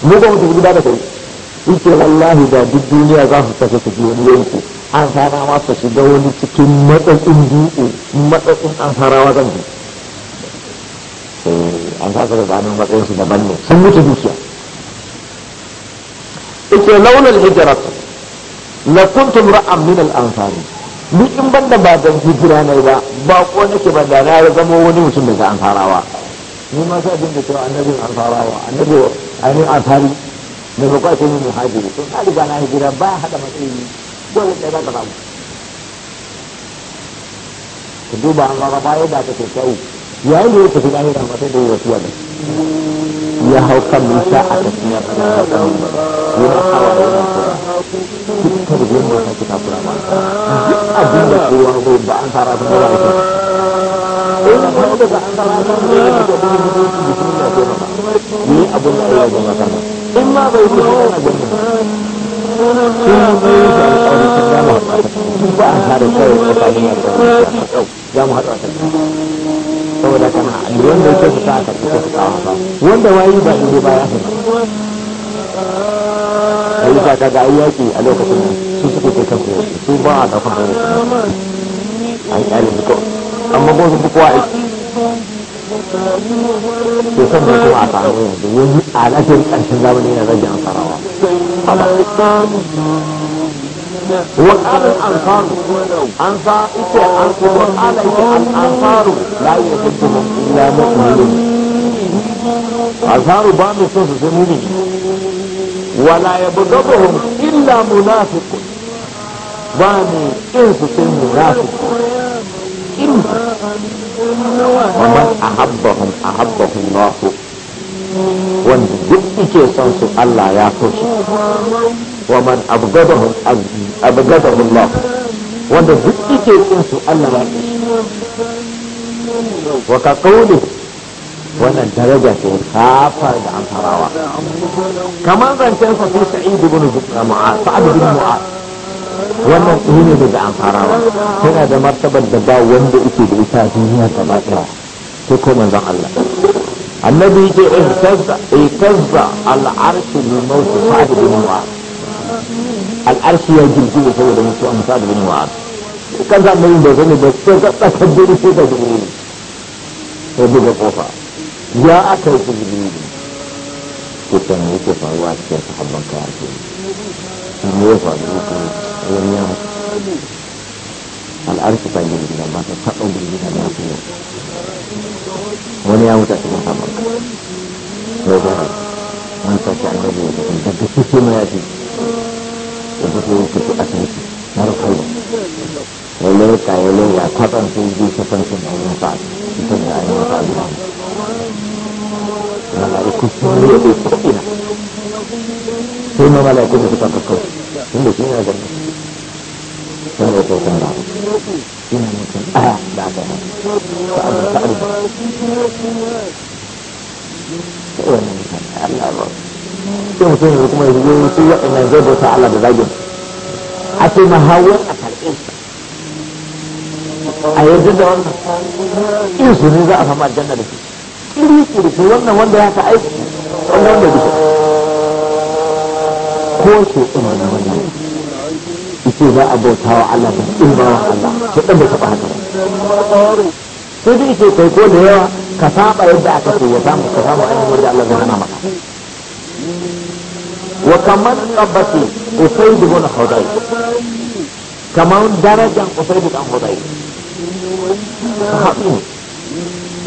mu ga guda da kai yake wallahi da duk duniya za su tafi su wani an su shiga wani cikin matsatsin dutse matsatsin an farawa zan ji an sa da zanen matsayin su daban ne sun mutu dukiya ita launar hijiratu la kuntum ra'am min al-ansari duk in banda ba da hijira ne ba ba ko nake ba da na zama wani mutum daga farawa ni ma sai abin da cewa annabi farawa annabi ainihin ansari da ba kwa sun muhajiri to ka riga na hijira ba hada matsayi dole ɗaya za ka samu ka duba an rara bayan da aka kyau yayin da ya tafi lahira da tafiyar da ya tuwa da ya hau kan musa a tafiyar da ya hawa da ya dukkan goma ta kita kurama duk abin da kowa ko ba an tara ta mura kana wanda wayi yi sa kaga an yaki a lokacin su suke kai kansu su ba a da kawai amma ko sun fi kowa aiki san da kuma a samu yanzu wani alatin ƙarshen zamani yana rage an sarawa وقال الأنصار أنصار إيش wala ya buga buhun illa munafiku ba ne in su sai munafiku in ومن أحبهم أحبه الله wanda duk ike son Allah ya so wa man abgadahum abgadahum Allah wanda duk ike son Allah ya so wannan daraja ce kafar da an farawa kamar zancen sa fi sa'id ibn mu'az sa'ad ibn mu'az wannan ne daga an farawa tana da martabar da ba wanda yake da ita duniya ta ba ko ko manzon Allah annabi yake ihtazza ihtazza al-arsh min mawt sa'ad ibn mu'az al-arsh ya jirgi saboda mutuwan sa'ad ibn mu'az kan zamanin da zane da sai ka tsaka dole sai da dole sai buga kofa ya akal sendiri. Kutang itu bawa dia ke hamba kerja. Semua bawa itu yang alat kita ini tidak mampu tak boleh tidak mampu. Mana yang kita semua sama? Lebih mantap yang lebih dan tentu sisi mana sih? Tentu sisi itu asal itu. Nara kalau kalau kalau ya kata sendiri sepanjang Allah tak sepanjang Allah tak mala'iku sun yi yadda ko ina sai da suka kakau sun ina sai a ce mahawar a karɓe a yanzu da wannan in su ne za a samu aljanna da shi kiri kirfi wannan wanda ya ta aiki wannan wanda ko ke ɗuma na wannan ita za a bauta wa Allah da ɗin ba Allah shi ɗan bai taɓa haka sai dai ke kai ko da yawa ka saba yadda aka ce ya samu ka samu ainihin wanda Allah zai maka wa kamar tabbati usaidu bin hudai kamar darajar usaidu bin hudai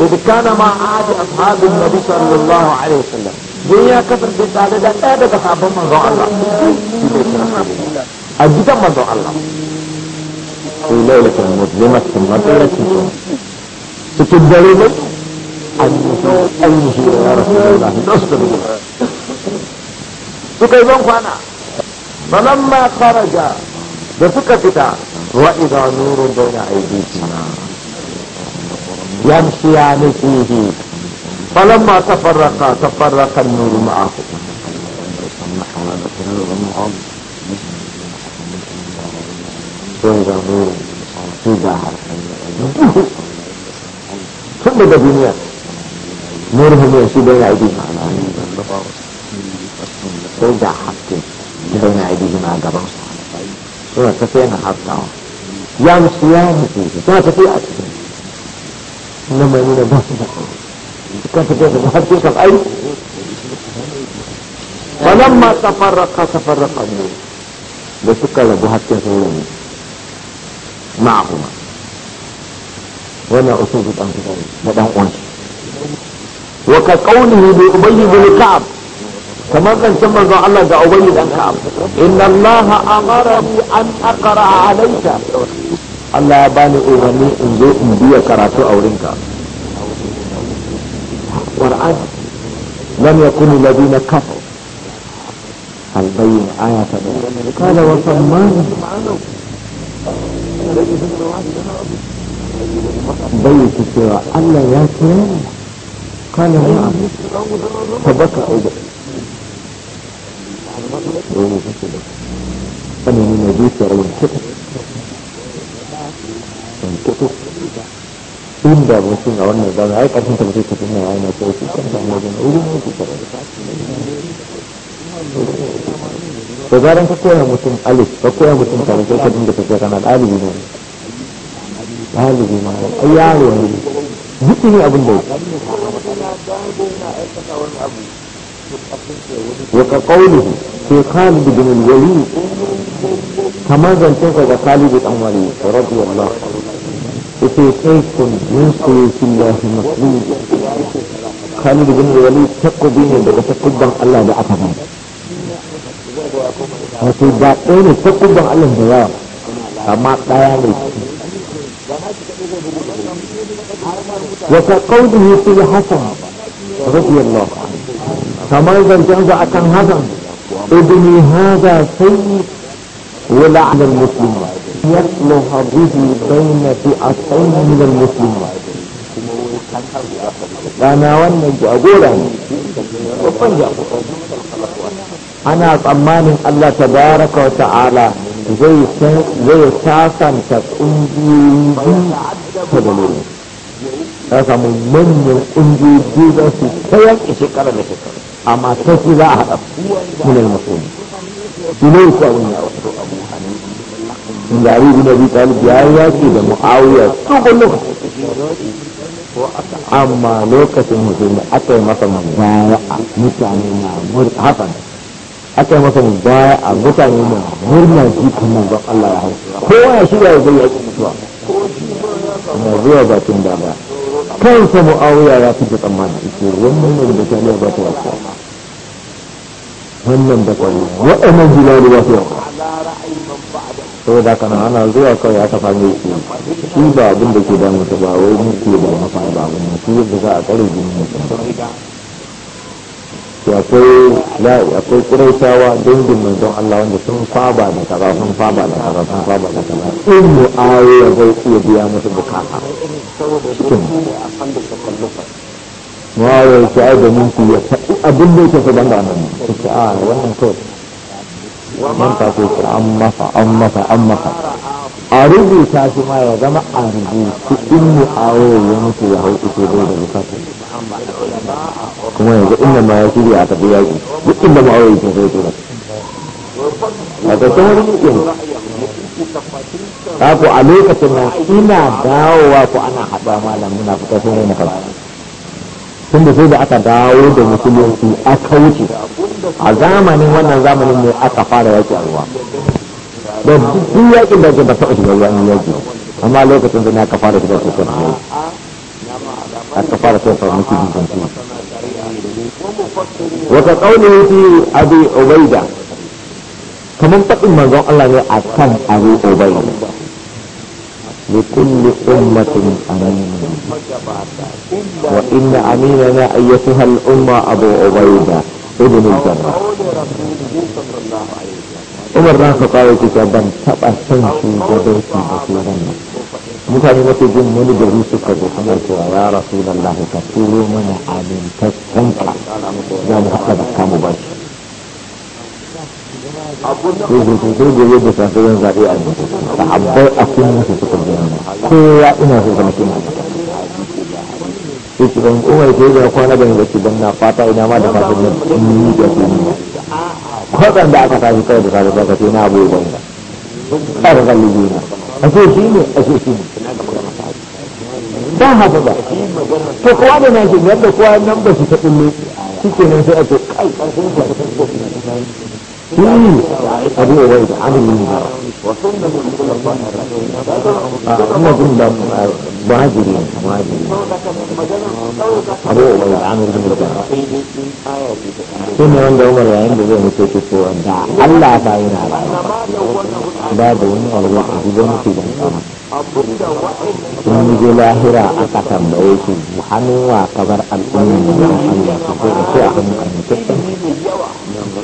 وكان مع احد اصحاب النبي صلى الله عليه وسلم دنيا كثر بالتالي ده ده صحابه من ذو الله اجد من ذو الله في ليلة المظلمة ثم ليلة الجمعة تكون دليلا أن أي شيء يا رسول الله نصر الله تكون يوم فانا فلما خرج بفكتك وإذا نور بين أيديكما يمشيان فيه فلما تفرقا تفرق النور معه ثم بدنيا نورهم يمشي بين ايديهم سيدا حقي بين ايديهم على الرأس ثم تفين حقه يمشيان فيه ثم تفين na mai nuna ba su da suka fito da har sai kan ai wannan ma tafarraka tafarraka ne da suka rabu har sai ma'ahuma wannan usul dan uwan da dan uwan wa ka qawlihi bi ubayy bin ka'ab kamar zancen manzon Allah da ubayy dan ka'ab inna Allah amara bi an aqra Allah ya bani umarni in zo in biya karatu a wurinka Qur'an lam yakun ladina da alladhina kafaru البين آية قال وصمان بيت سوى ألا يا كرام قال نعم فبكى أبي ومفصلة أنا من جيت ومسكت da mutum a wannan zama ya ƙarfin ta mutum tafi nawa yana kai su kan samu wajen wurin mutu kare da to zaran ka koya mutum alif ka koya mutum kare sai ka dinga tafiya kana ɗalibi ne ɗalibi ma ai yaro ne duk ne abin da ka ke وكقوله في خالد بن الوليد كما زنتك خالد بن الوليد رضي الله عنه يقول سيف من سيوف الله مطلوب خالد بن الوليد تقضي daga takubban Allah da ba wato ba ɗaya ne takubban da yawa amma ɗaya ne wata kaudihi fi hasan radiyallahu anhu kamar zancensa hada sayyi wa la'ana al يصلح به بين فئتين من المسلمين rana wannan jagora ne babban jagora ana tsammanin Allah tabaraka wa ta'ala zai zai sasanta kungiyoyi ta dalilin ta samu manyan kungiyoyi za su ta yanke shekara da shekara amma ta za a haɗa su ne musulmi ilai ku abin ya wasu inda Ali ibn Abi Talib ya yaki da Muawiya dogon lokaci amma lokacin musulmi aka yi masa mabaya a mutane na murna hakan aka yi masa mabaya a mutane na murna shi kuma ga Allah ya hau kowa ya shirya ya zai yaki mutuwa na zuwa bakin dama kansa mu'awiya ya fi da tsammani ce wannan da ta ne ba ta wasu wannan da kwallo waɗannan jilali ba su yawa saboda kana ana zuwa kawai aka samu shi shi ba abin da ke damu ta ba wai mun ke da mafa ba abin shi yadda za a tsare jinin mutum akwai akwai kuraitawa dangin don Allah wanda sun faba da kaza sun faba da kaza sun faba da kaza in mu ya zai iya biya musu bukata cikin mu ayoyi ta da mun ku ya faɗi abin da yake so banda nan ce a ah, wannan kawai Manta ta ko an masa an masa an masa a rubuta shi ma ya zama a rubutu in mu awo ya mutu ya hau ito bai da bukatu kuma yanzu inda ma ya shirya a tafi yaƙi duk inda ma awo yake zai tura a ƙarshen wani yaƙin ta ko a lokacin nan ina dawowa ko ana haɗa malam muna fitar sun rai na tun da sai da aka dawo da musulunci aka wuce a zamanin wannan zamanin ne aka fara yaki a ruwa da duk yakin da ake ba taɓa shiga ruwa in yaki amma lokacin da ne aka fara shiga sosai da yau aka fara fara mutu bisan su wata ƙaunin fi abu obaida kamar faɗin manzon Allah ne a kan abu ubaida Amina wa أمين amina na أيتها الأمة abu obaida udun jarra umar na su kawo kusa ban taɓa son shugabanci da su wannan mutane mafi jin wani gari suka zo suna cewa ya rasu da lahu ka turo mana amintaccen ka za mu haɗa da kamu ba shi sai sai gobe da safe zan zaɓe a da sahabbai a kun musu suka gina kowa ina so zama kina mutu yake ban kwana ban yake ban na fata ina ma da fatan nan ni da ku da aka tashi kai da kai da na abu ban da kada kalli na a ce shi ne a ce shi ne ba haka ba to kowa da nan shi yadda kowa nan ba su ta kullu shi ke nan sai a ce kai karfin ba ta abu wa da abin yin ba kuma kun da muhajiri muhajiri abu wa da amir bin ba shi ne wanda umar yayin da zai mutu ke cewa da allah ta yana rayu ba da wani alwa a gudan mutu ban kama sun je lahira a tambaye su wa kabar al'ummin da allah su ko da ce a hannun annabi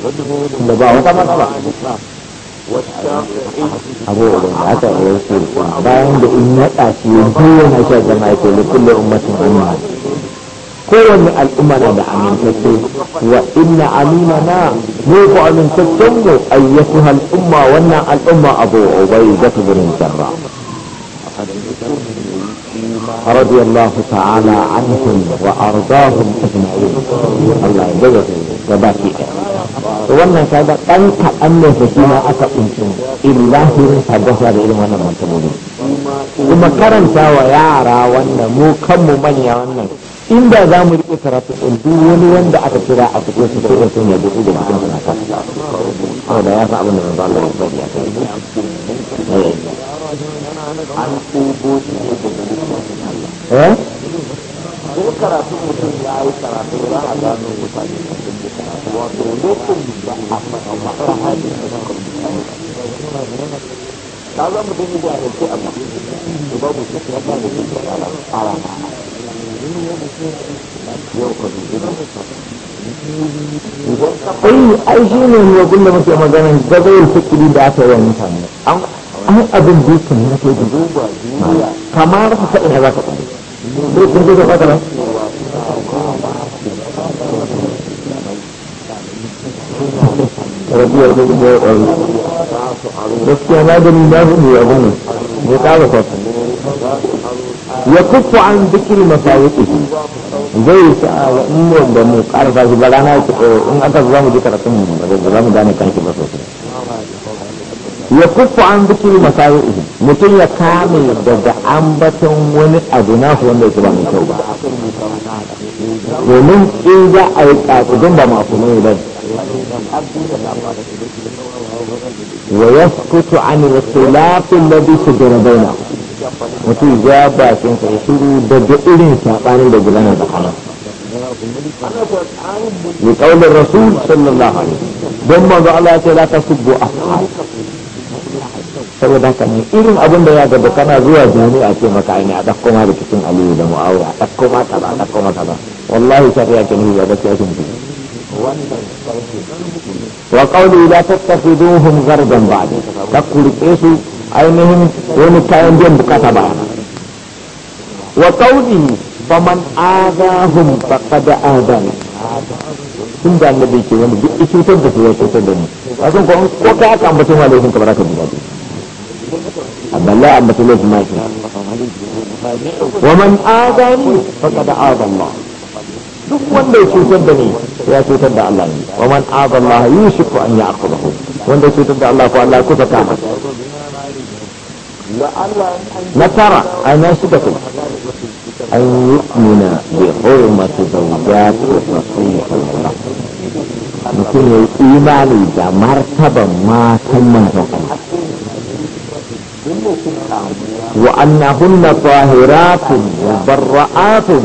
ba abubuwan da aka yi su bayan da in naɗa shi biyu na shi zama ya kele kullum ummatin amma kowane al'umma na da amintacce wa inna amina na mu ku amintaccen mu ayyatu al'umma wannan al'umma abu ubai da ta gurin jarra رضي الله تعالى عنهم وأرضاهم أجمعين الله يجزاهم وباقي wannan kaga ɗan kaɗan ne da shi ma aka kunshi illahirin tabbasa da irin wannan matsalolin kuma karanta wa yara wannan mu kanmu manya wannan inda za mu riƙe karatu ɗin duk wani wanda aka kira a cikin su sai sun yi duk da cikin sanata da ya fa abin da manzo Allah ya bari ya kai an tubo shi ne da Allah eh ko karatu mutum ya yi karatu za a gano mutane da karatu. ورسولكم وحفظها da ai ai shi ne ne gun da muke magana da zai fikiri da aka yi mutane an an abin da yake ne ke duba kamar ka sai ya ba ka dai kun rafiyar da ya kufu an zikiri masayiki zai sa wa umar da mu ƙara shi ba rana eh, in aka za mu ji karatun mu ba mu gane kanki ba sosai ya kufu an zikiri masayiki mutum ya kame daga ambaton wani abu na su wanda yake ba mai kyau ba domin in za a yi don ba masu ne ba ويسكت عن الخلاف الذي صدر بينه mutum ya bakin sa shiru daga irin saɓanin da gudanar da hana bi kaulin rasul sallallahu alaihi don manzo Allah ya ce la tasubbu ashab saboda haka ne irin abin da ya gaba kana zuwa jami'a ce maka aini a dakko ma rikicin aliyu da mu'awiya a dakko ma kaza a dakko ma kaza wallahi shari'a ke ne ya bace ake mutum wa qawli la tattakhiduhum gardan ba'di takurike su ainihin wani kayan biyan bukata bayana wa qawli faman adana tun da annabi ke wani duk cutar da su ya cutar da ni wasan ko ko ka aka ambace ma laifin kamar aka duba amma la ambace laifin ma shi wa man adani faqad adana duk wanda ya cutar da ni ya cutar da Allah ne wa man aza Allah yushiku an ya'qudahu wanda ya cutar da Allah ko Allah kusa kama na tara a na shiga kai. an yu'mina bi hurmati zawjati rasulillah mutum ya yi imani da martaban matan manzon Allah wa annahunna tahiratun wa barra'atun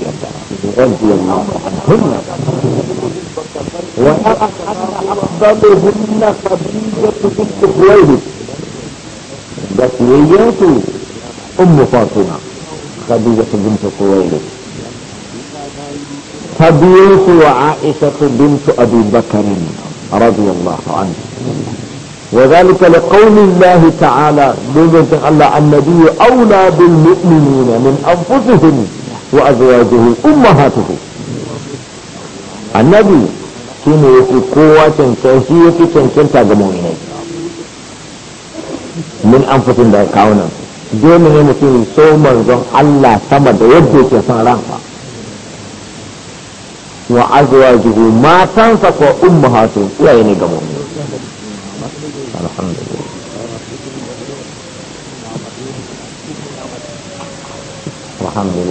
رضي الله عنهن ويرى أن خديجة بنت خويلد بسويات أم فاطمة خديجة بنت خويلد خديجة وعائشة بنت أبي بكر رضي الله عنه وذلك لقول الله تعالى بذلك الله النبي أولى بالمؤمنين من أنفسهم وأزواجه أمهاتهم annabi shi ne ya kowa cancan shi ya fi cancanta ga mu'minai min an fitin da kawunan dole ne mutum so manzon Allah sama da yadda yake son ransa wa azwajuhu matansa ne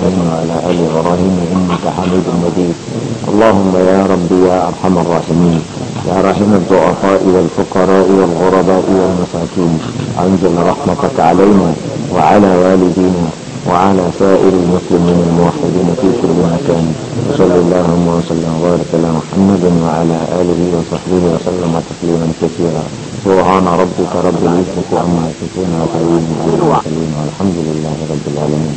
إبراهيم وعلى آل إبراهيم إنك حميد مجيد اللهم يا رب يا أرحم الراحمين يا رحم الضعفاء والفقراء والغرباء والمساكين أنزل رحمتك علينا وعلى والدينا وعلى سائر المسلمين الموحدين في كل مكان صلى اللهم وسلم وبارك على محمد وعلى آله وصحبه وسلم تسليما كثيرا سبحان ربك رب العزة عما يصفون وسليم على والحمد لله رب العالمين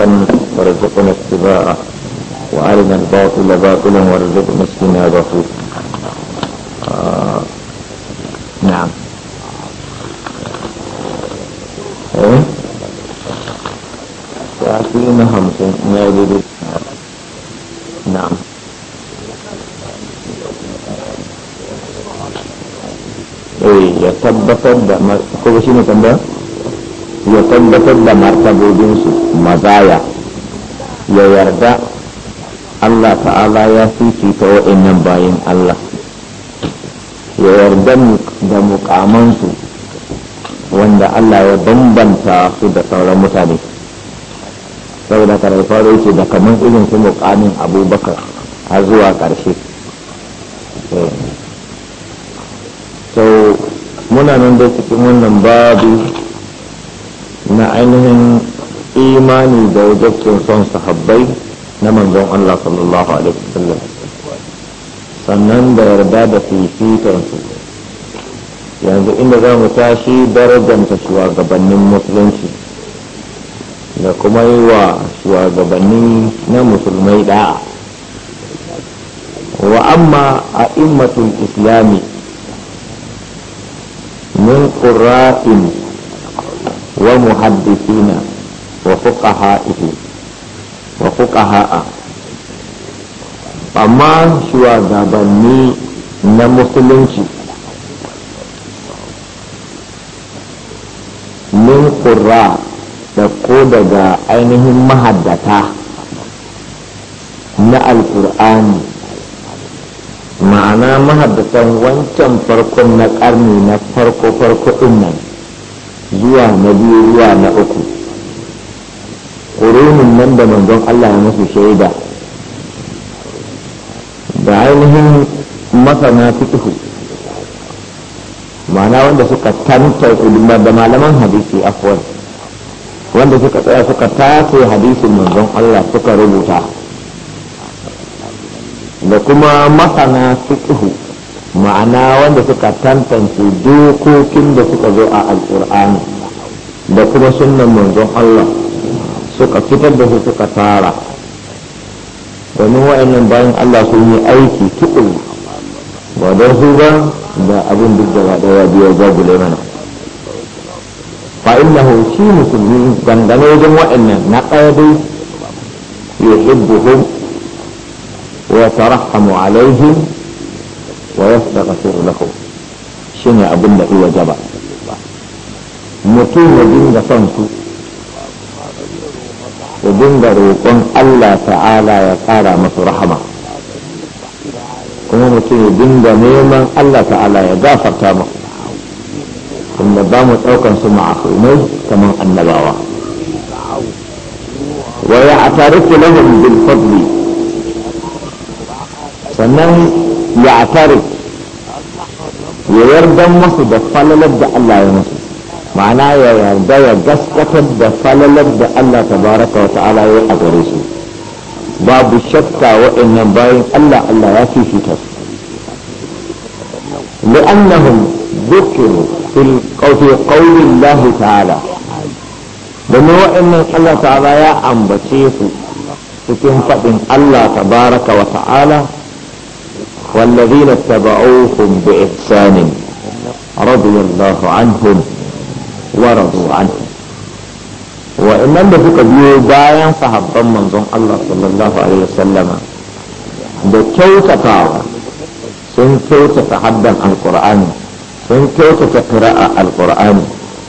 حقا وارزقنا اتباعه وارنا الباطل باطلا وارزقنا اجتنابه آه نعم ايه تعطينا خمسين نادي نعم. نعم ايه يا tabbatar da ما shi ne tambaya ya tabbatar da martabobinsu mazaya ya yarda Allah ta'ala ya ta wa'annan bayan Allah ya yarda da su wanda Allah ya bambanta su da sauran mutane saboda karfaro yake da kamar irin su mukamin abubakar har zuwa ƙarshe so eh. muna nan da cikin wannan babu ainihin imani da wajabcin son sahabbai na manzon Allah sallallahu alaihi wasallam sannan da yarda da fifikansu yanzu inda za mu tashi darajanta shugabannin musulunci da kuma yi wa shugabanni na musulmai da'a wa amma a immatul islami min ƙura'in ومحدثين وفقهائه وفقهاء amma shugabanni na musulunci min kura da ko daga ainihin mahaddata na alkur'ani ma'ana mahaddatan wancan farkon na ƙarni na farko-farko nan zuwa na biyu zuwa na uku ƙorunin nan da manzon Allah masu shaida da ainihin masana fitihu ma'ana wanda suka tanta da malaman hadisi afwan wanda suka tsaya suka tace hadisin manzon Allah suka rubuta da kuma masana fitihu ma'ana wanda suka tantance dokokin da suka zo a alkur'ani da kuma sunan manzon Allah suka fitar da su suka tara domin wa'annan bayan Allah sun yi aiki tukuru ba don su ba da abin duk da ɗaya biyu jagule mana fa shi musulmi dangane wajen wa'annan na ɗaya dai yuhibbuhum wa tarahhamu alaihim wa yastaghfiru lahu shine abin da iya jaba mutum ya dinga son ya dinga roƙon Allah ta'ala ya masu kuma mutum ya dinga neman Allah ta'ala ya gafarta masu tunda ba mu ɗaukan su ma'asumai kamar annabawa wa ya atariku lahum bil fadli sannan ya atariku ya yarda musu da falalar da Allah ya musu ma'ana ya yarda ya gaskatar da falalar da Allah tabaraka wa ta'ala ya a gare su babu shakka waɗannan bayan Allah Allah ya fifita su لأنهم ذكروا في قول الله تعالى domin wa'annan Allah ta'ala ya ambace su cikin faɗin Allah tabaraka wa ta'ala والذين اتبعوهم بإحسان رضي الله عنهم ورضوا عنه وإنما بفق بيو بايا صحبا منظم الله صلى الله عليه وسلم بكوتة تعالى sun kyautata haddan alkur'ani sun kyautata kira'a alkur'ani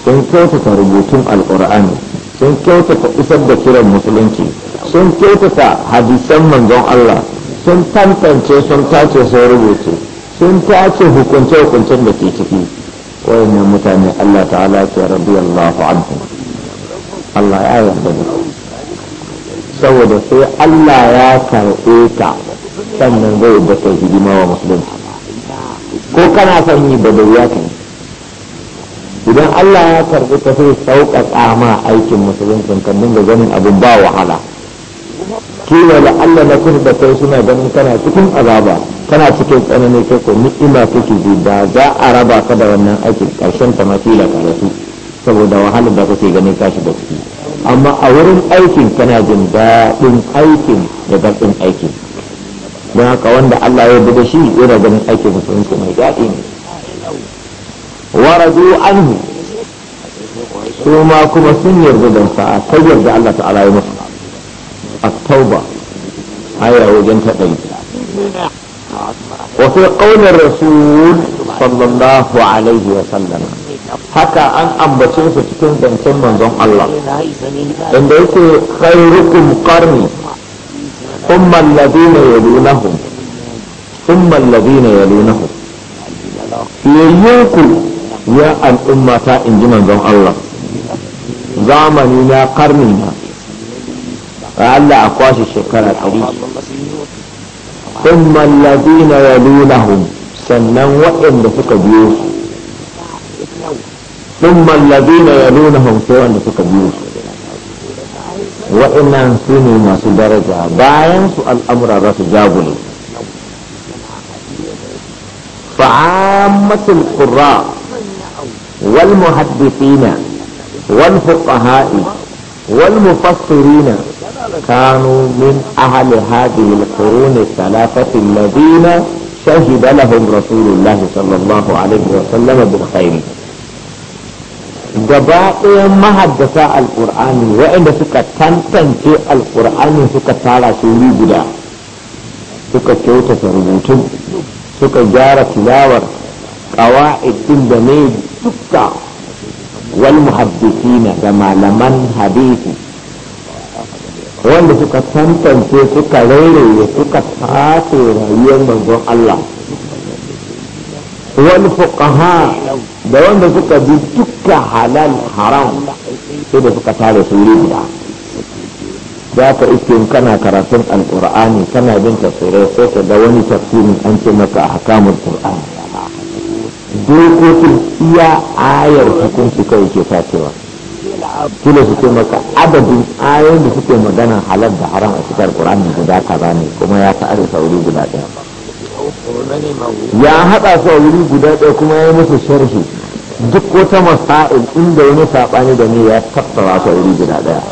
sun kyautata rubutun alkur'ani sun kyautata isar da kiran musulunci sun kyautata hadisan manzon Allah sun tantance sun tace sun rubuce sun tace hukunce-hukuncen da ke ciki wayannan mutane Allah ta'ala Rabbi radiyallahu anhu Allah ya yarda da saboda sai Allah ya karɓe ka sannan zai da kai hidima wa musulunci ko kana son yi da ya kai idan Allah ya karɓe ka sai sauƙaƙa ma aikin musulunci kan dinga ganin abin ba wahala kila allah na kuma da kai suna ganin kana cikin azaba kana cikin tsanani kai ko ni'ima kake ji da za a raba ka da wannan aikin karshen ta ma kila karatu saboda wahalar da kake ganin ka shiga ciki amma a wurin aikin kana jin daɗin aikin da daɗin aikin don haka wanda Allah ya bi shi yana ganin aikin musulunci mai daɗi ne waradu anhu su ma kuma sun yarda da sa'a ta yarda Allah ta'ala ya musu التوبة آية وجنت بيتا وفي قول الرسول صلى الله عليه وسلم حكى أن أنبتين ستكون بنتين من ذن الله إن ديك خيركم قرني ثم الذين يلونهم ثم الذين يلونهم يليوكم يا الأمة إن جمع ذن الله زامننا قرننا لعل اقواس الشكر الحديث ثم الذين يلونهم سنا وان فك بيوس ثم الذين يلونهم سنا فك بيوس وان انسوني ما سدرجا باين سؤال امر الرسول فعامة القراء والمحدثين والفقهاء والمفسرين كانوا من أهل هذه القرون الثلاثة الذين شهد لهم رسول الله صلى الله عليه وسلم بالخير جباقي ما حدث القرآن وإن سكا تنتن القرآن سكا تالا سولي بلا سكا كيوتا سربوتن سكا جارة لاور قواعد تندمي سكا والمحدثين كما لمن حديثي wanda suka tantance suka rairaye suka tace rayuwar manzon Allah wani fuqaha da wanda suka bi duka halal haram sai da suka tare su wuri guda za ka iske kana karatun alƙur'ani kana bin tafsirai sai ka ga wani tafsirin an ce maka hakamun ƙur'ani dokokin iya ayar hukunci kawai ke tacewa kila su suke maka adadin ayoyin da suke magana halar da haram a cikin ƙur'ani guda kaza ne kuma ya ta arewa wuri guda ɗaya ya haɗa su a wuri guda ɗaya kuma ya yi musu sharhi duk wata masa'il inda wani saɓani da ni ya tattara su a wuri guda ɗaya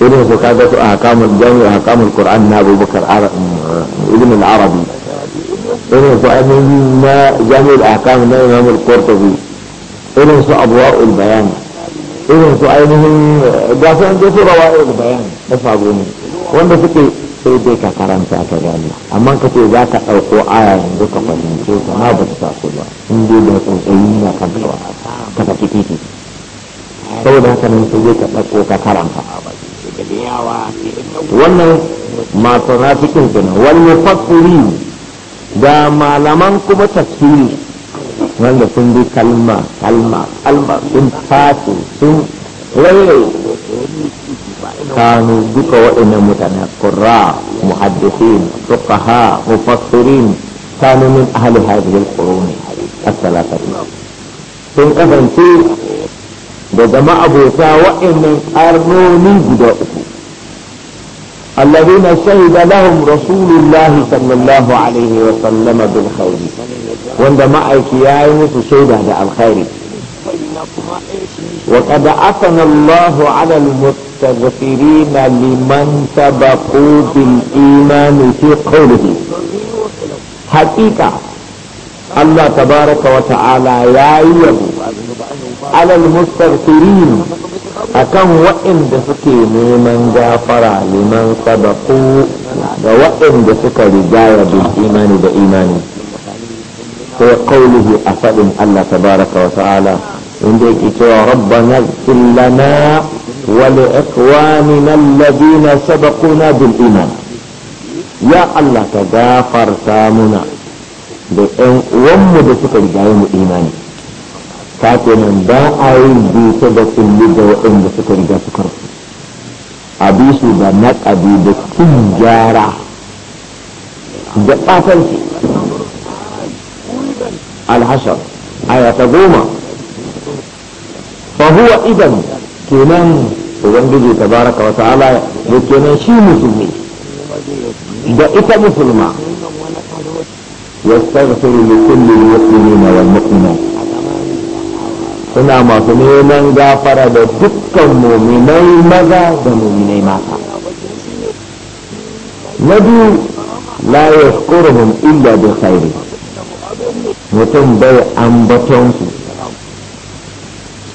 irin su kaga su a hakamul jami'a hakamul qur'an na abubakar ibn al-arabi irin su ainihin na jami'ul ahkam na imam qurtubi irin su abwa'ul bayani irin su ainihin eh, gasu an su rawa irin bayani na sabo ne wanda suke sai dai ka karanta ka gani amma ka ce za ka ɗauko aya yanzu ka fahimce ta na ba ta taso ba in dai da tsuntsayi na kan gaba ka tafi titi saboda haka nan sai dai ka ɗauko ka karanta wannan masu rafikin kenan wani fasiri da malaman kuma tafsiri wanda sun bi kalma kalma kalma sun fasu sun rairaye kanu duka waɗannan mutane kurra muhaddisin fuqaha mufassirin kanu min ahli hadhihi al-quruni as sun kasance da jama'a abota waɗannan karnonin guda uku الذين شهد لهم رسول الله صلى الله عليه وسلم بالخير وند يا ايكياي شهد على الخير وقد أثنى الله على المستغفرين لمن سبقوا بالإيمان في قوله حقيقة الله تبارك وتعالى يا أيها على المستغفرين akan waɗanda suke neman gafara liman sabaku ga waɗanda suka rigaya bil imani da imani ko kaulihi a faɗin Allah tabaraka wa ta'ala inda yake cewa rabbana ighfir lana wa li ikwanina alladhina sabaquna bil iman ya Allah ka gafarta muna da ɗan uwanmu da suka rigaya mu imani sake nan ba a yin dutse da kulli da waɗanda suka riga suka rasu a ba da naƙabi da cin gyara da ɓatanci alhashar aya ta goma fahuwa idan kenan ubangiji ta baraka wa ta'ala da kenan shi musulmi da ita musulma yastaghfiru li kulli al-muslimina wal mu'minat suna masu neman gafara da dukkan muminai maza da muminai mata na biyu la yashkuruhum illa bi khairi mutum bai ambaton su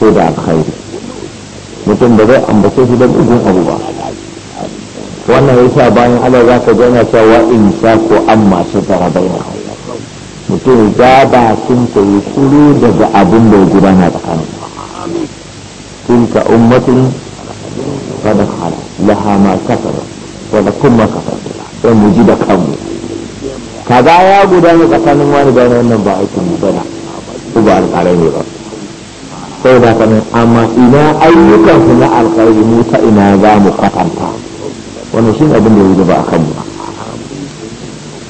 sai da alkhairi mutum bai zai su da izin abu ba wannan yasa bayan Allah za ka gana cewa in sa ko amma su tara bayan mutum ga ba sun sayi shiru daga abin da ya gudana tsakanin تلك kasar قد خلت لها ما كفر ولكم mu ji da kanmu kaga ya gudana tsakanin wani da wannan ba a mu bana ko ba alƙalai ne ba sai da kanin amma ina ayyukan su na alƙalai mu ta ina za mu kwatanta wannan shi abin da ya zuba a kanmu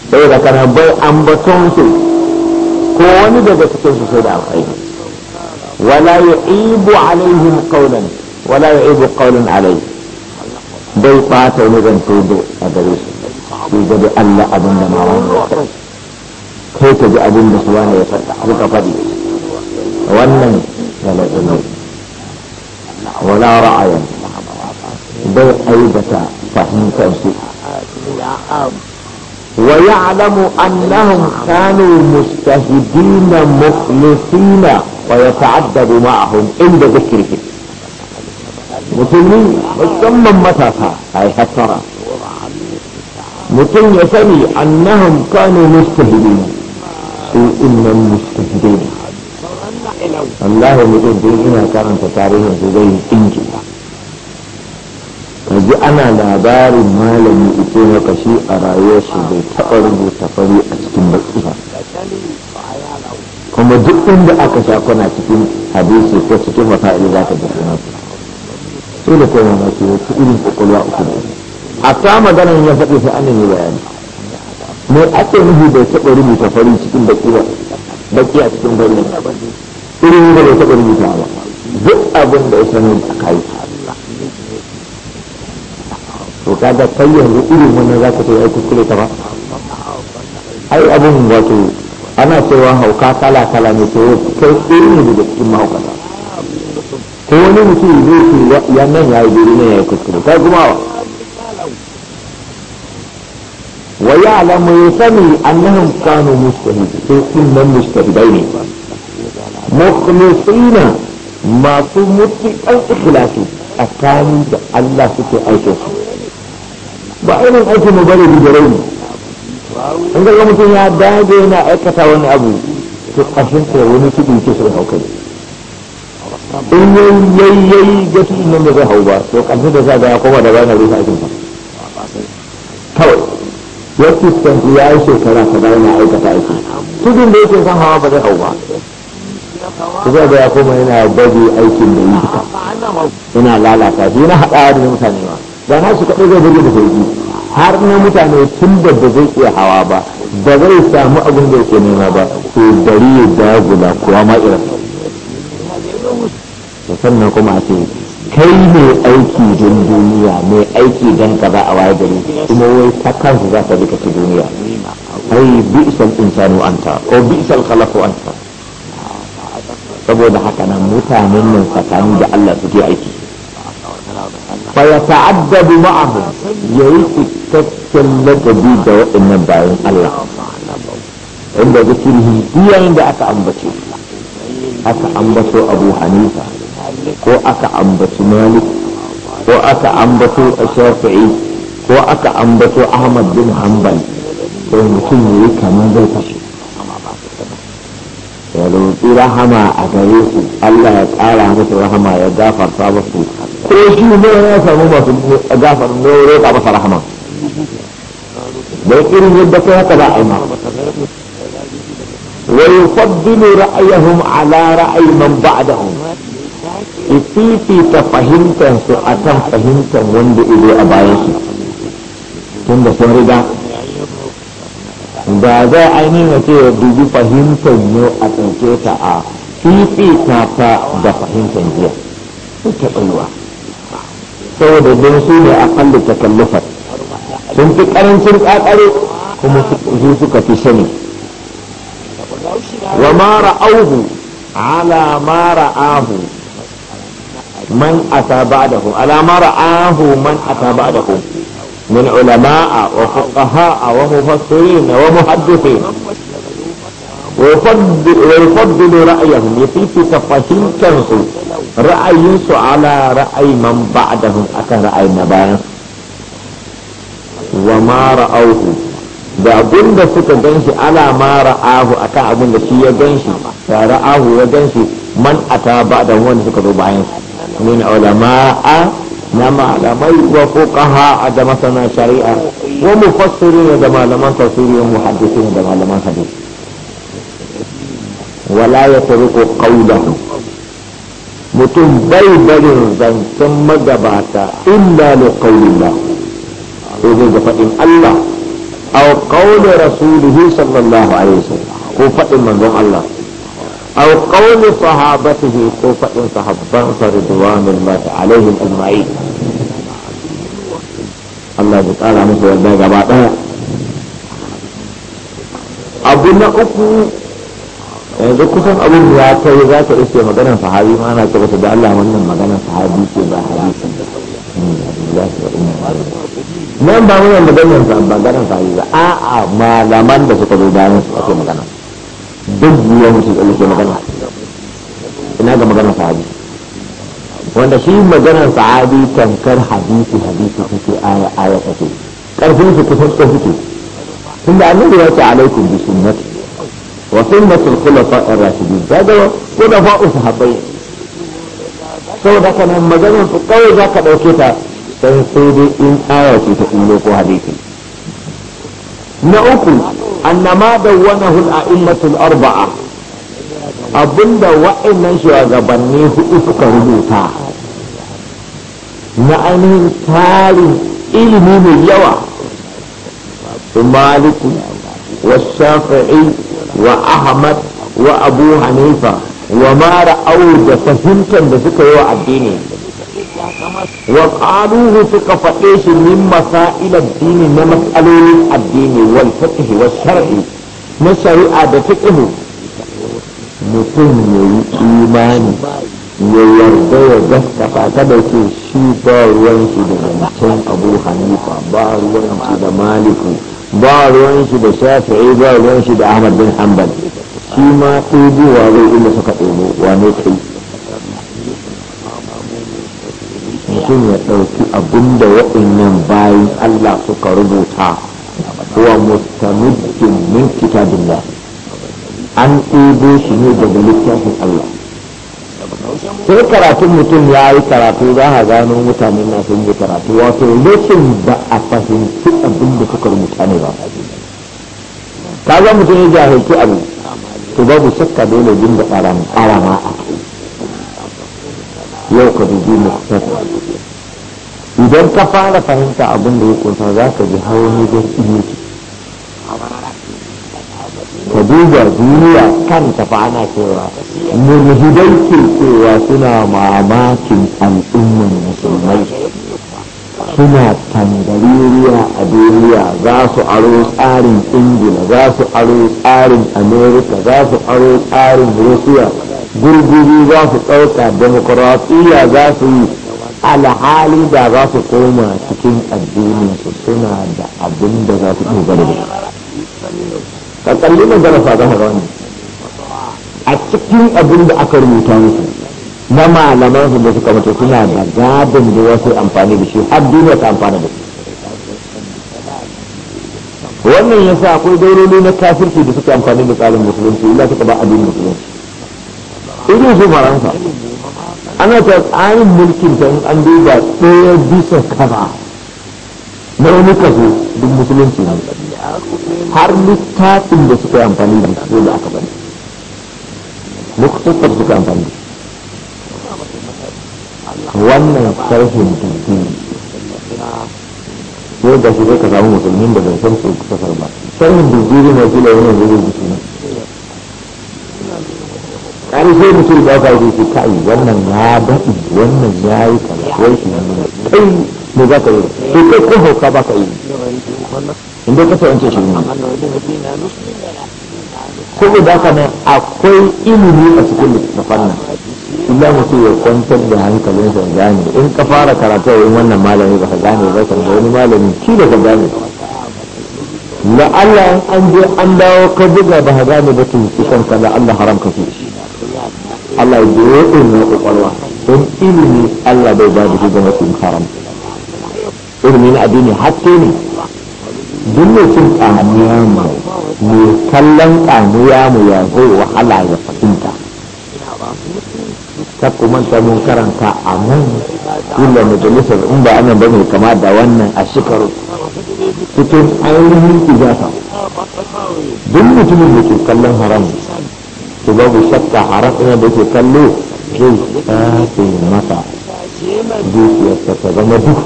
sai da kanin bai ambaton su كوني دا بكتوس سيدا الخير ولا يعيب عليهم قولا ولا يعيب قولا عليه دي قاتل لذن تودو أدريس في أن ألا أبن ما وانا كيف جاء أبن بسوانا يفتح لك فدي وانا ولا جنوب ولا رعيا دي قيبة فهم تنسي يا أبن ويعلم انهم كانوا مجتهدين مخلصين ويتعدد معهم عند ذكره مسلمين مسلمين متى هاي هترى مسلمين يسمي انهم كانوا مستهدين ان المجتهدين. الله مجدين انا كان تتعريه في ذي الانجيل yanzu ana labarin malami ita maka shi a rayuwarsu bai taɓa rubuta fari a cikin baki kuma duk inda aka sha kwana cikin hadisi ko cikin mafa'ili za ka jira na sai da kuma na ce wasu irin kwakwalwa uku ne a ta maganar ya faɗi sai an yi bayani mai ake nufi bai taɓa rubuta fari cikin baki ba baki a cikin fari irin da bai taɓa rubuta ba duk abin da ya sani a kai to kaga kai yanzu irin wannan za ka ce ai kuskure ta ba ai abun wato ana cewa hauka kala kala ne to kai irin daga cikin mahaukata ko wani mutum zai ce ya nan ya yi dole ne ya kuskure kai kuma wa ya'lamu yasami annahum kanu mustahid to sun nan mustahidai ne mukhlisina masu mutuƙar ikhlasi tsakanin da Allah suke aikin su ba irin aiki mu bari da ne. an ga mutum ya dage yana aikata wani abu to kashin ta wani kudi ke sun hau kai in yayi yayi yayi ga kudin nan da zai hau ba to kashin da za ga ya koma da bayan rufe aikin sa kawai ya fuskanci ya yi shekara ta bayan aikata aiki kudin da yake son hawa ba zai hau ba zai da ya koma yana gaji aikin da yi duka yana lalata shi yana haɗa da mutane ba ba na shi kaɗai zai burge da sauki har na mutane tun da ba zai iya hawa ba da zai samu abin da yake nema ba to dari ya dagula kuwa ma irin sannan kuma a ce kai mai aiki don duniya mai aiki don kaza a waye gari kuma wai ta kansu za ka rikaci duniya ai bi isal insanu anta ko bi isal khalaqu anta saboda haka nan mutanen nan tsakanin da Allah suke aiki فيتعدد معهم يريد التكتل لقبيد وإن باين الله عند ذكره هي عند أكا أنبتي أكا أنبتو أبو حنيفة كو أكا أنبتو مالك كو أكا أنبتو الشافعي كو أكا أنبتو أحمد بن حنبل كو مسلم كمان ذي فشي ولو في رحمة أكريسي الله يتعالى رحمة يغفر صابته ƙirƙiro shi ne ya samu masu gafar ne roƙa masa rahama don irin yadda kai haka za a yi wa yufaddilu ra'ayahum ala ra'ay man ba'dahum ifiti ta fahimtan su akan fahimtan wanda ido a bayan su tunda sun riga da za a ce ya dubi fahimtar mu a tsarki a fifita ta da fahimtan jiya saboda don su ne a kan da takallufar sun fi karancin kakare kuma su suka fi sani wa mara auhu ala mara ahu man ata ba'dahu ala mara ahu man ata ba'dahu min ulama'a wa fuqaha'a wa mufassirin wa muhaddithin ويفضل رأيهم يفيت تفاهم كنسو رأي على رأي من بعدهم أكن رأي نبايا وما رأوه da abin da suka ganshi ala ma a aka abin da shi ya ganshi da ra'ahu ya ganshi man ata ba da wanda suka zo bayan su min ulama'a na malamai wa fuqaha da masana shari'a wa mufassirin da malaman tafsiri wa muhaddisin da malaman hadisi wala ya furko qawlahu mutum bai barin zancen magabata illa li qawlillah ko zai ga fadin Allah aw qawli rasulihi sallallahu alaihi ko fadin manzon Allah aw qawli sahabatihi ko fadin sahabban radiyallahu alaihim ajma'in Allah ya kara musu yarda gaba daya abu na uku yanzu kusan abin da ya kai za ka iske maganar sahabi ma ana tabbata da Allah wannan maganar sahabi ce ba hadisi nan ba muna maganar sa ba maganar sahabi ba a'a malaman da suka zo bayan su ake magana duk biyan mutum da ke magana ina ga maganar sahabi wanda shi maganar sahabi tamkar hadisi hadisi kuke aya aya kuke karfin su kusan kuke tunda annabi ya ce alaikum bi sunnati وسنة الخلفاء الراشدين هذا خلفاء صحابين saboda haka nan maganin su kawai za ka ɗauke ta sai sai dai in aya ce ta ɗulo ko hadisi na uku annama da wani hul'a'immatul arba'a abinda wa'annan shugabanni hudu suka rubuta na ainihin tarin ilimi mai yawa su wasu shafi'i wa wa abu hanifa wa mara رأوا da fahimtar da suka yi wa addini wa qaluhu suka faɗe shi min masail addini na mas'alolin addini wal fiqh wa shar'i na shari'a da fiqh mutum ya yi imani ya yarda ya gaskata kada ce shi ba ruwan shi da zancen abu hanifa ba ruwan da maliku ba ruwan shi da shafi'i ba ruwan shi da ahmad bin hanbal shi ma ɗebowa zai inda suka ɗebo wane kai mutum ya ɗauki abin da waɗannan bayan allah suka rubuta wa mustamiddin min kitabillah an ɗebo shi ne daga littafin allah sai karatun mutum ya yi karatu za a gano mutane na sun yi karatu wato rashin a fahimci abin da kuka rubuta ne ba ka ga mutum ya jahilci abu to babu shakka dole jin da karama a yau ka dubi muktar idan ka fara fahimta abin da ya kunsa za ka ji hawa ne don ka duba duniya kanta fa ana cewa mulhidai ke cewa suna mamakin al'ummar musulmai suna najeriya za su aro tsarin ingila za su aro tsarin amerika za su aro tsarin rusiya gurguru za su ɗauka demokuraɗiyya za su yi alhali da za su koma cikin addininsu suna da abin da za su dogara da ka kalli magana sa za ka a cikin abin da aka rubuta musu na malaman su da suka mutu suna da gadon da wasu amfani da shi har duniya ta amfana da shi wannan ya sa akwai dauroli na kafirci da suke amfani da tsarin musulunci illa suka ba abin musulunci irin su faransa ana ta tsarin mulkin ta an duba ɗaya bisa kaza na wani kaso duk musulunci ne har littafin da suka yi amfani da su da aka bani lokacin suka amfani wannan sarfin tafiya yau da shi zai ka samu musulmin da bai san su kasar ba sanin dubiri mai kila wani zai rubutu ne ƙarfe mutum ba ka yi su kai wannan ya daɗi wannan ya yi kamar shi ne kai ne za ka yi to kai ko hauka ba ka yi in dai ka fahimce shi ne kuma da haka ne akwai ilimi a cikin na nan illa mutum ya kwantar da hankalin sa gane in ka fara karatu a wurin wannan malami ba ka gane ba ka wani malami shi da ka gane Allah an je an dawo ka buga ba ka gane ba tun kusan ka da Allah haram ka fi Allah ya je in na kokarwa don ilimi Allah bai ba da shi zama sun haram ilimi na addini hakke ne duk ne cin mu mai kallon ƙaniya mu ya zo wahala ya fahimta ku manta mun karanta a nan kula majalisar in ba ana ba mai kama da wannan a shekaru cikin ainihin ijaza duk mutumin da ke kallon haram to babu shakka haram ina da ke kallo zai tsafe mata dukiyarsa ta zama duk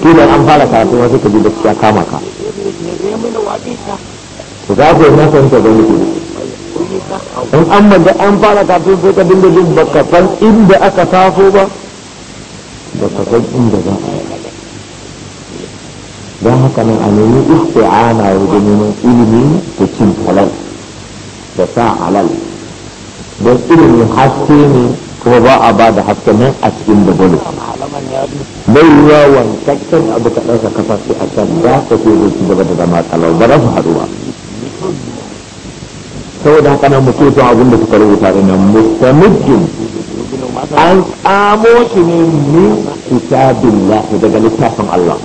kila an fara karatu wasu ka ji da kama ka ku za ku yi ta zama duk in an manta an fara kafin sai ka dinga jin baka san inda aka taso ba baka san inda za a yi don haka nan a nemi isti'ana wajen neman ilimi da cin halal da sa halal don ilimin haske ne kuma ba a ba da haske nan a cikin da bane mai ruwa wancan abu kaɗansa kasa sai a can za ka ce zai ci gaba da zama kalau ba za su haɗuwa saboda haka nan ta ce abin da kuka rubuta din nan mustamiddun an tsamo shi ne min kitabillah daga littafin Allah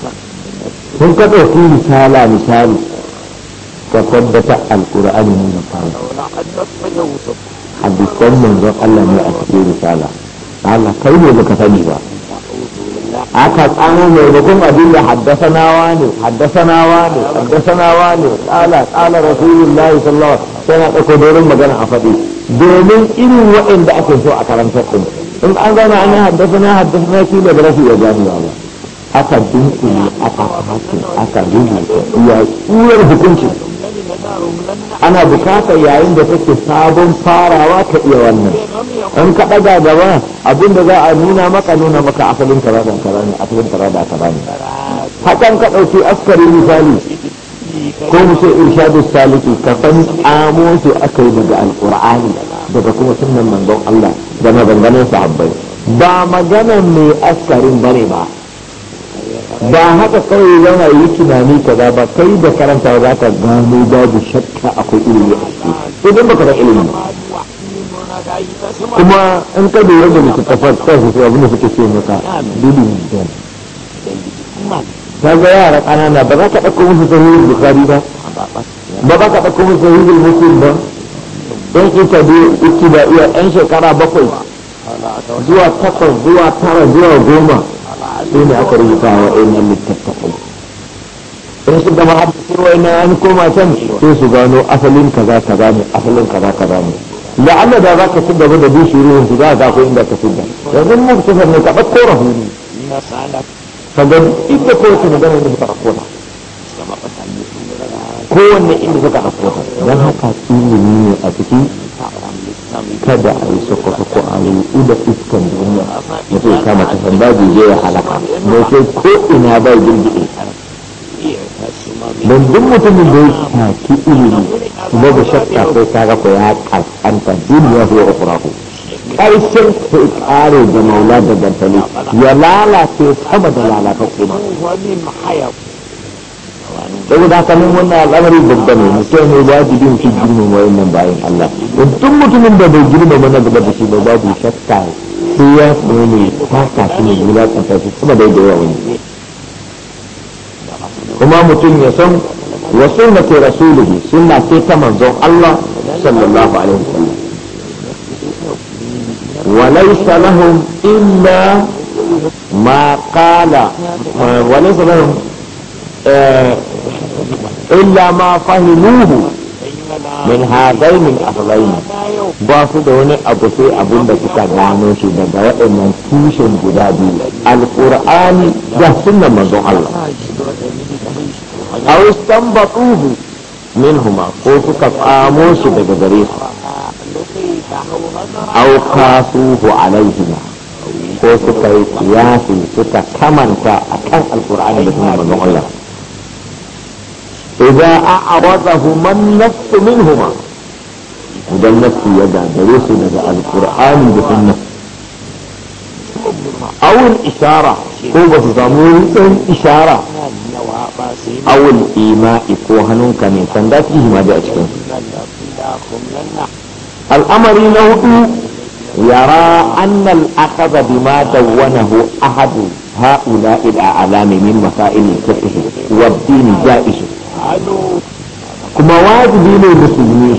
kun ka ɗauki misala misali ka tabbata alƙur'ani ne na fara hadisan manzon Allah ne a cikin misala Allah kai ne baka sani ba aka tsamo maimakon abin da nawa ne nawa ne nawa ne tsala tsala rasulullahi sallallahu alaihi yana ɗauko domin magana a faɗi domin irin waɗanda ake so a karantar ɗin in an zauna an haddasa na haddasa na shi da ba ya iya ganewa ba aka dunkule aka fakin aka rubuta ya tsurar hukuncin ana bukata yayin da take sabon farawa ka iya wannan in ka ɗaga gaba abin da za a nuna maka nuna maka asalin kaza da kaza ne asalin kaza da kaza ne hakan ka ɗauki askari misali ko mu ce irshadu saliki ka san amo su aka yi daga alqur'ani daga kuma sunnan manzon Allah da maganganun sahabbai ba maganan mai askarin bane ba ba haka kawai yana yi tunani kaza ba kai da karanta za ka gano babu shakka akwai ilimi a ciki idan baka da ilimi kuma in ka lura da littattafan kansu su abin da suke ce maka dole ne kaga yara kanana ba za ka ɗauko musu sahihul bukhari ba ba za ka ɗauko musu sahihul muslim ba don ita da iki da iya ɗan shekara bakwai zuwa takwas zuwa tara zuwa goma su ne aka rubuta wa ɗayan littattafai in su gama haɗa cewa na an koma can sai su gano asalin kaza kaza ne asalin kaza kaza ne la'alla da za ka ci gaba da bishiyoyin su za ka ko inda ka fi da yanzu mu kusa ne ka ɗauko rahuni ka gani inda kowace magana da suka ɗauko ta kowanne inda suka ɗauko ta don haka ilimi ne a cikin kada a yi sako ko a yi uda iskan duniya ya ce kama kasan babu je ya halaka mai sai ko ina ba bai girgide don duk mutumin da ya shaki ilimi babu shakka sai kaga ko ya kaskanta duniya ko ya kuraku ƙarshen sai ƙare da maula da dantali ya lalace sama da lalata kuma saboda haka mun wannan al'amari babba ne mutum ne wajibin shi girmama wayannan bayan Allah in duk mutumin da bai girmama na gaba da shi ba babu shakka sai ya tsaye ne taka shi ne wulaƙanta shi kuma dai da yawa wani kuma mutum ya san wasu na ce rasulihi suna ce ta manzon Allah sallallahu alaihi wasallam وليس لهم إلا ما قال وليس لهم min hazai min asalai ba su da wani abu sai abin da suka gano shi daga waɗannan tushen guda biyu alƙur'ani da sunan manzon Allah aw istanbatuhu minhuma ko suka tsamo shi daga gare Auka suhu alaihima ko suka yi kiyasi suka kamanta a kan alkur'ani da suna manzon Allah idan a awadahu man nafsu minhuma idan nafsu ya gagare su daga alkur'ani da sunna awul ishara ko ba su samu wani ishara awul ima'i ko hannunka ne sanda fi hima da a cikin al'amari na hudu yara annal akaza bima dawwanahu ahadu ha'ula ila alamin masaili fiqhi wa ad-din ja'iz kuma wajibi ne musulmi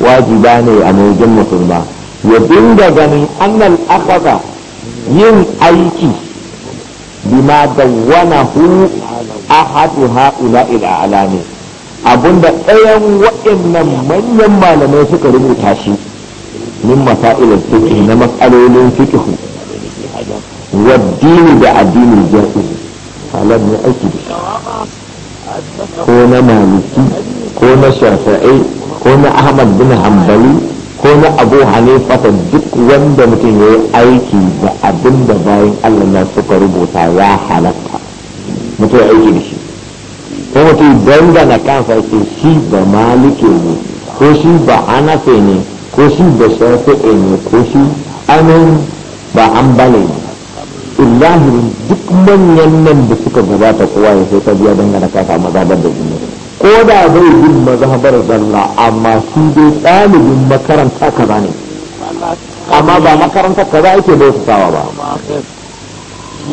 wajiba ne a mai musulma ya dinga ganin annal akaza yin aiki bima dawwanahu ahadu ha'ula ila alamin abinda ɗayan waɗannan manyan malamai suka rubuta shi min masailin fiqh na matsalolin fiqh wa dini da addinin jami'i halar ne aiki da ko na maliki ko na shafi'i ko na ahmad bin hanbali ko na abu hanifa duk wanda mutum ya yi aiki da abinda bayan allah na suka rubuta ya halatta mutum ya aiki da shi ko mutum dangana kansa ce shi ba malike ne ko shi ba hanafe ne ko shi ba shafi'e ne ko shi amin ba ambale ne illahirin duk manyan nan da suka gabata kowa ya sai ta biya dangana kansa mazabar da jini ko da zai bin mazhabar zalla amma shi dai ɗalibin makaranta kaza ne amma ba makaranta kaza yake bai sawa ba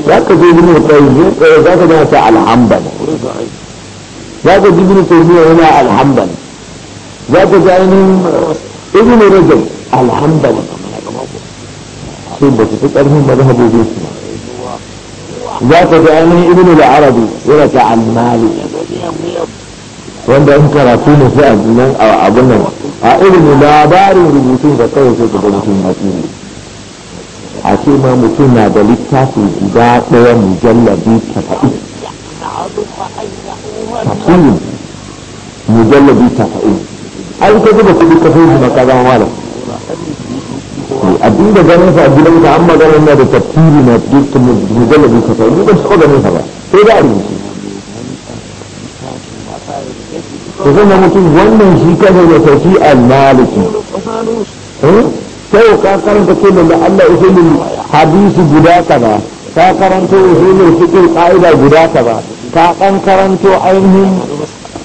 za ka zo bin mutai zai za ka gana ta alhambal za ka ji ibn taymiya yana alhambali za ka ji ainihin ibn rajab alhambali sai ba su fi ƙarfin mazhabobin su za ka ji ainihin ibn al-arabi yana ta almali wanda in karatu ne sai a nan a abin nan a irin labarin rubutun da kawai sai ka ga mutum matsi ne a ce ma mutum na da littafin guda ɗaya mujallabi faɗi. tasa'in mujallabi tasa'in ai ka zuba kuɗi ka fi ma ka zama malam abin da ganin sa a gidan ka an magana na da tafsiri na dukkan mujallabi tasa'in ba su taɓa ganin sa ba sai da a rubuce to zama mutum wannan shi kansa da sauki al-maliki sai ka karanta ke da Allah usulul hadisi guda kaza ka karanta usulul fiqh qaida guda kaza ka ɗan karanto ainihin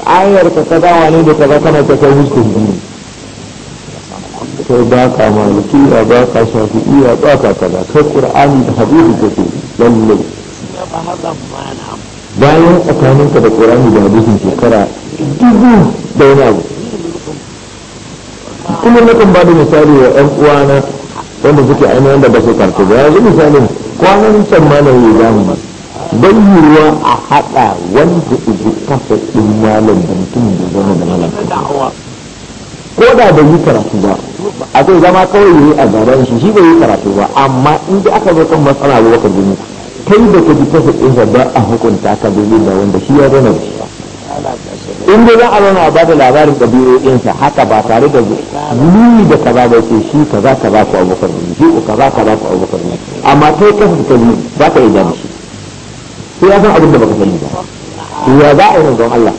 ayar ka ta dawa ne da ta ga kana ta kai hukun kai ba ka malikiya ba ka iya ba ka kaza kai qur'ani da hadisi kake lallai bayan tsakaninka da qur'ani da ke shekara dubu da wani abu kuma nakan ba da misali wa ƴan uwana wanda suke ainihin da ba su karfi ba yanzu misalin kwanan can ma na yi zamu don a haɗa wanda ibu kafa ɗin malam da mutum da zama da malam ko da bai yi karatu ba a zai zama kawai yi a gaban shi shi bai yi karatu ba amma in da aka zo kan matsala ba wata jini kai da ka bi kafa ɗin ba a hukunta ka bai da wanda shi ya zama da shi in dai za a zauna a bada labarin ɗabi'o'insa haka ba tare da zuni da kaza ba ce shi kaza kaza ku abubakar ne shi kaza kaza ku abubakar ne amma kai kafa ka yi za ka yi gani sai ya san abin da baka sani ba ya za a yi manzon Allah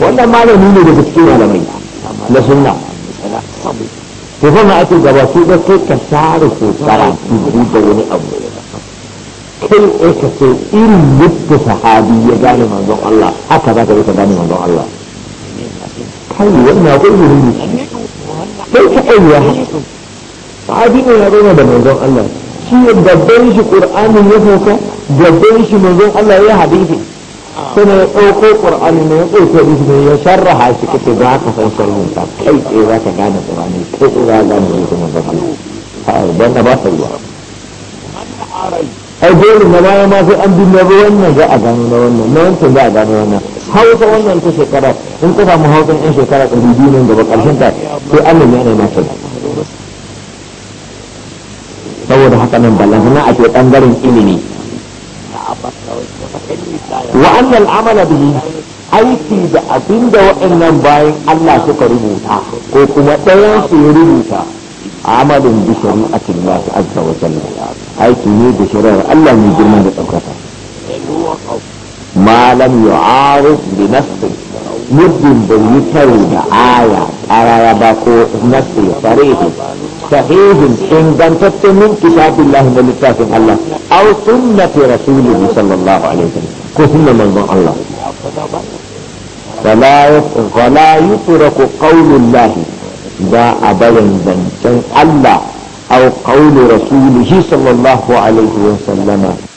wannan malami ne daga cikin malamai na sunna to fa ma ake gaba su da kai ka share ko tsara ki da wani abu kai eh ka ce irin yadda sahabi ya gane manzon Allah haka za ka yi ka gane manzon Allah kai wannan akwai irin ne kai ka aiya sahabi ne ya gane da manzon Allah shi babban shi Qur'anin ya sauka gaban shi manzon Allah ya hadisi sai ya ɗauko ƙwar'ani ne ya ɗauko hadisi mai ya sharraha shi kake za ka san sharrin ta kai tsaye za ka gane ƙwar'ani kai ko za ka gane hadisin manzon Allah dan da ba ta yi a jerin na bayan ma sai an bi ba wannan za a gano na wannan na wancan za a gano wannan hausa wannan ta shekara in ka samu hausa yan shekara ɗari biyu nan gaba ƙarshen ta sai Allah ya ne ma saboda haka nan ballan na a ke ɓangaren ilimi wa annal amala aiki da abinda waɗannan bayan Allah suka rubuta ko kuma ɗayan su ya rubuta amalin bi shari'atin Allah azza wa jalla aiki ne da shari'ar Allah mai girman da ɗaukaka malam lam bi muddin bai yi da aya على يباكو نفسي طريق صحيح إن دمتت من كتاب الله ملتاك الله أو سنة رسوله صلى الله عليه وسلم كثم من الله فلا فلا يترك قول الله ذا أبدا زنكا الله أو قول رسوله صلى الله عليه وسلم